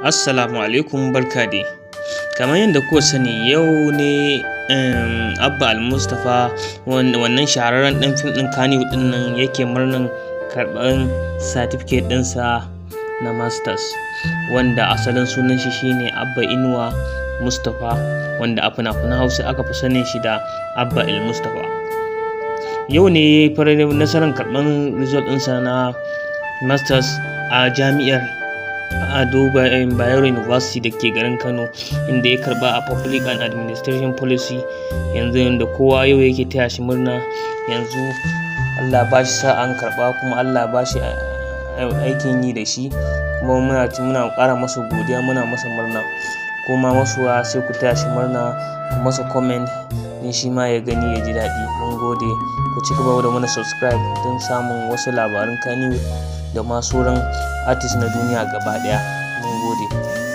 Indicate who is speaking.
Speaker 1: Assalamu alaikum barka dai. Kamar yadda kuka sani yau ne Abba Al-Mustapha wannan shahararren ɗan fim ɗin Kaniwood ɗin nan yake murnan karɓar certificate ɗinsa na Masters wanda asalin sunan shi shine Abba Inuwa Mustapha wanda a fina-finan Hausa aka fi sanin shi da Abba Al-Mustapha. Yau ne fara nasarar karɓar result ɗinsa na Masters a jami'ar a Duba eh, Bayero University da ke garin Kano inda ya karba a Public and Administration Policy yanzu yadda kowa yau yake taya shi murna yanzu Allah ba shi an karba kuma Allah ba shi eh, aikin yi da shi kuma muna ci muna ƙara masa godiya muna masa murna kuma masuwa sai ku taya shi murna masa comment in shi ma ya gani ya ji daɗi mun gode ku ci gaba da mana subscribe don samun wasu labaran kaniwood da ma sauran artist na duniya gaba ɗaya mun gode